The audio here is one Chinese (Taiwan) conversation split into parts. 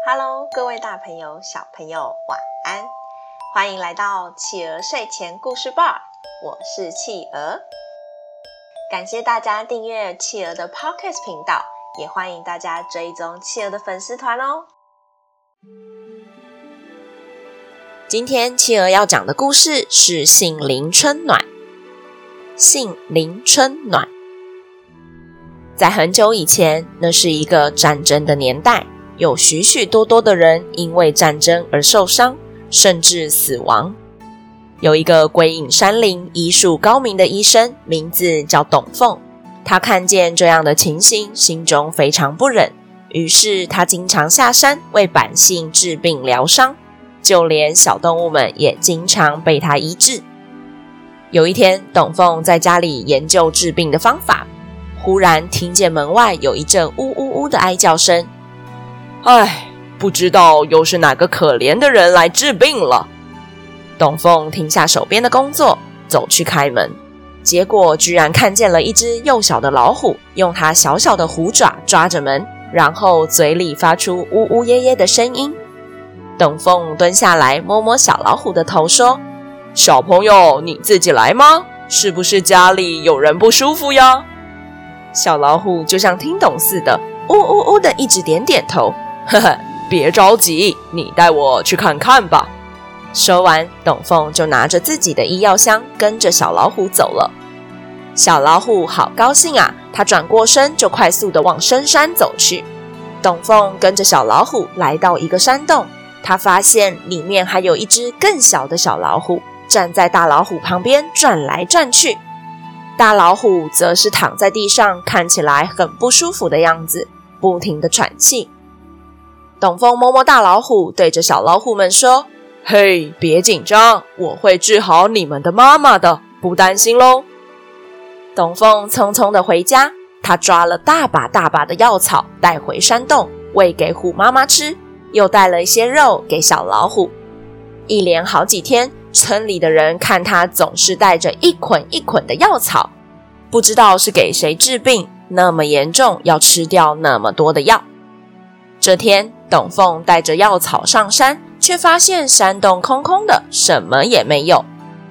哈嘍，Hello, 各位大朋友、小朋友，晚安！歡迎來到企鵝睡前故事吧，我是企鵝。感謝大家訂閱企鵝的 Podcast 頻道，也歡迎大家追蹤企鵝的粉絲團哦。今天企鵝要講的故事是《杏林春暖》。杏林春暖，在很久以前，那是一個戰爭的年代。有許許多多的人因為戰爭而受傷，甚至死亡。有一個歸隱山林、醫術高明的醫生，名字叫董奉。他看見這樣的情形，心中非常不忍，於是他經常下山為百姓治病療傷，就連小動物們也經常被他醫治。有一天，董奉在家裡研究治病的方法，忽然聽見門外有一陣嗚嗚嗚的哀叫聲。哎，不知道又是哪個可憐的人來治病了。董奉停下手邊的工作，走去開門，結果居然看見了一隻幼小的老虎，用它小小的虎爪抓着門，然後嘴裡發出嗚嗚咽咽的聲音。董奉蹲下來摸摸小老虎的頭，說：“小朋友，你自己來嗎？是不是家裡有人不舒服呀？”小老虎就像聽懂似的，嗚嗚嗚的一直點點頭。呵呵，別着急，你帶我去看看吧。說完，董鳳就拿着自己的醫藥箱，跟着小老虎走了。小老虎好高興啊！他轉過身，就快速的往深山走去。董鳳跟着小老虎來到一個山洞，他發現裡面還有一隻更小的小老虎，站在大老虎旁邊轉來轉去。大老虎則是躺在地上，看起來很不舒服的樣子，不停的喘氣。董奉摸摸大老虎，對着小老虎們說：“嘿，別緊張，我會治好你們的媽媽的，不擔心嘍。”董奉匆匆地回家，他抓了大把大把的藥草帶回山洞，餵給虎媽媽吃，又帶了一些肉給小老虎。一連好幾天，村裡的人看他總是帶着一捆一捆的藥草，不知道是給誰治病，那麼嚴重，要吃掉那麼多的藥。這天。董奉帶着藥草上山，卻發現山洞空空的，什麼也沒有。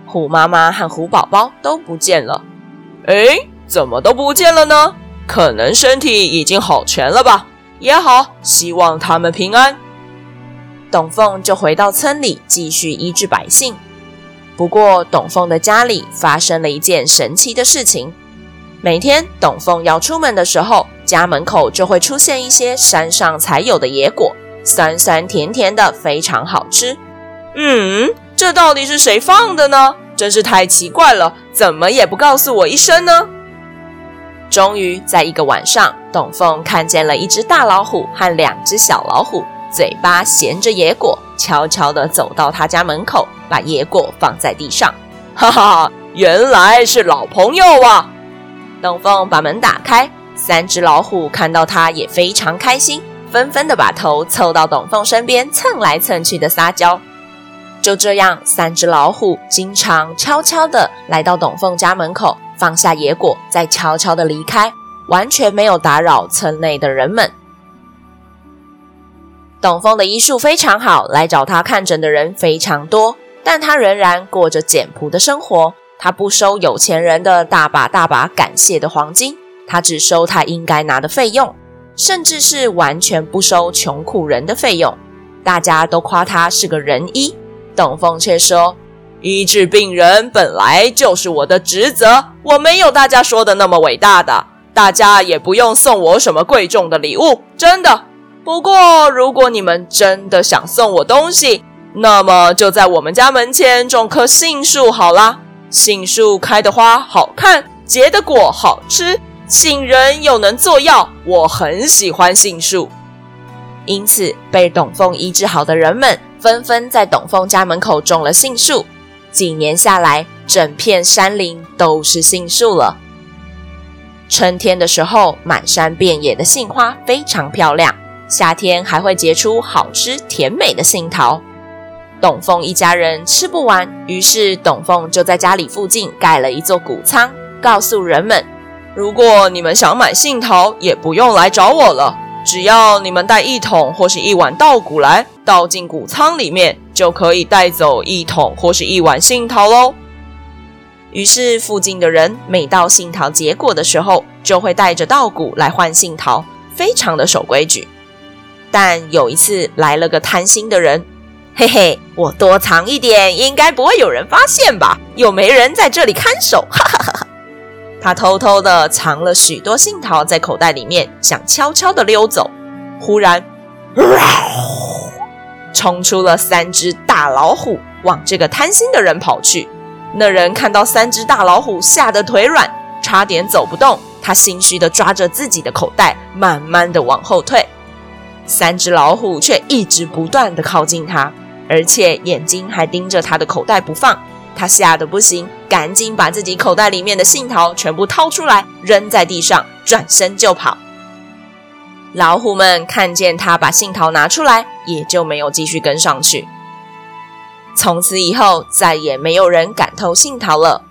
虎媽媽和虎寶寶都不見了。哎，怎麼都不見了呢？可能身體已經好全了吧？也好，希望他們平安。董奉就回到村裡繼續醫治百姓。不過，董奉的家裡發生了一件神奇的事情。每天董奉要出門的時候。家門口就會出現一些山上才有的野果，酸酸甜甜的，非常好吃。嗯，這到底是誰放的呢？真是太奇怪了，怎麼也不告訴我一聲呢？終於在一個晚上，董鳳看見了一隻大老虎和兩隻小老虎，嘴巴銜着野果，悄悄地走到他家門口，把野果放在地上。哈哈，原來是老朋友啊！董鳳把門打開。三隻老虎看到他也非常開心，紛紛的把頭湊到董鳳身邊蹭來蹭去的撒嬌。就這樣，三隻老虎經常悄悄的來到董鳳家門口，放下野果，再悄悄的離開，完全沒有打擾村內的人們。董鳳的醫術非常好，來找他看診的人非常多，但他仍然過着簡樸的生活，他不收有錢人的大把大把感謝的黃金。他只收他應該拿的費用，甚至是完全不收窮苦人的費用。大家都誇他是個仁醫。董奉卻說：“醫治病人本來就是我的職責，我沒有大家說的那麼偉大的，大家也不用送我什麼貴重的禮物，真的。不過，如果你們真的想送我東西，那麼就在我們家門前種棵杏樹好了。杏樹開的花好看，結的果好吃。”杏仁又能做藥，我很喜歡杏樹。因此被董奉醫治好的人們紛紛在董奉家門口種了杏樹。幾年下來，整片山林都是杏樹了。春天的時候，滿山遍野的杏花非常漂亮。夏天還會結出好吃甜美的杏桃。董奉一家人吃不完，於是董奉就在家裡附近蓋了一座穀倉，告訴人們。如果你們想買杏桃，也不用來找我了。只要你們帶一桶或是一碗稻谷來，倒進谷倉裡面，就可以帶走一桶或是一碗杏桃嘍。於是附近的人每到杏桃結果的時候，就會帶着稻谷來換杏桃，非常的守規矩。但有一次來了個貪心的人，嘿嘿，我多藏一點，應該不會有人發現吧？又沒人在這裡看守，哈哈。他偷偷地藏了許多杏桃在口袋裡面，想悄悄地溜走。忽然，呃、衝出了三隻大老虎，往這個貪心的人跑去。那人看到三隻大老虎，嚇得腿軟，差點走不動。他心虛地抓着自己的口袋，慢慢地往後退。三隻老虎卻一直不斷地靠近他，而且眼睛還盯着他的口袋不放。他嚇得不行，趕緊把自己口袋裡面的杏桃全部掏出來，扔在地上，轉身就跑。老虎們看見他把杏桃拿出來，也就沒有繼續跟上去。從此以後，再也沒有人敢偷杏桃了。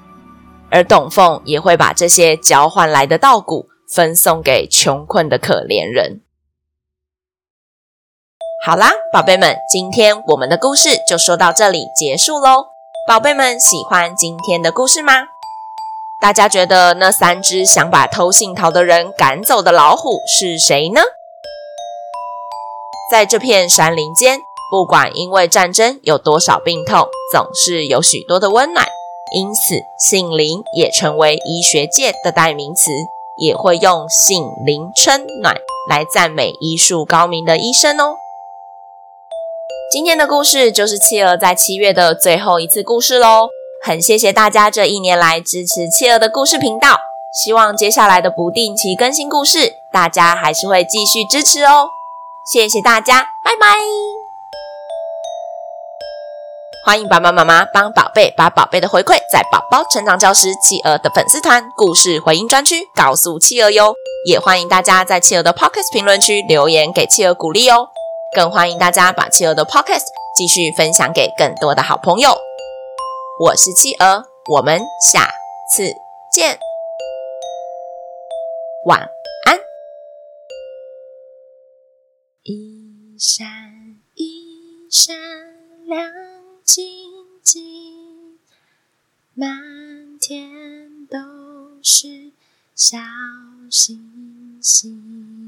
而董奉也會把這些交換來的稻谷分送給窮困的可憐人。好啦，寶貝們，今天我們的故事就說到這裡結束嘍。寶貝們喜歡今天的故事嗎？大家覺得那三隻想把偷杏桃的人趕走的老虎是誰呢？在這片山林間，不管因為戰爭有多少病痛，總是有許多的溫暖。因此，杏林也成為醫學界的代名詞，也會用“杏林春暖”來讚美醫術高明的醫生哦。今天的故事就是企鵝在七月的最後一次故事嘍，很謝謝大家這一年來支持企鵝的故事頻道，希望接下來的不定期更新故事，大家還是會繼續支持哦，謝謝大家，拜拜！歡迎爸爸媽,媽媽幫寶貝把寶貝的回饋在寶寶成長教室企鵝的粉絲團故事回音專區告訴企鵝喲，也歡迎大家在企鵝的 Pocket 評論區留言給企鵝鼓勵哦更歡迎大家把企鵝的 podcast 繼續分享給更多的好朋友。我是企鵝，我們下次見。晚安。一閃一閃亮晶晶，滿天都是小星星。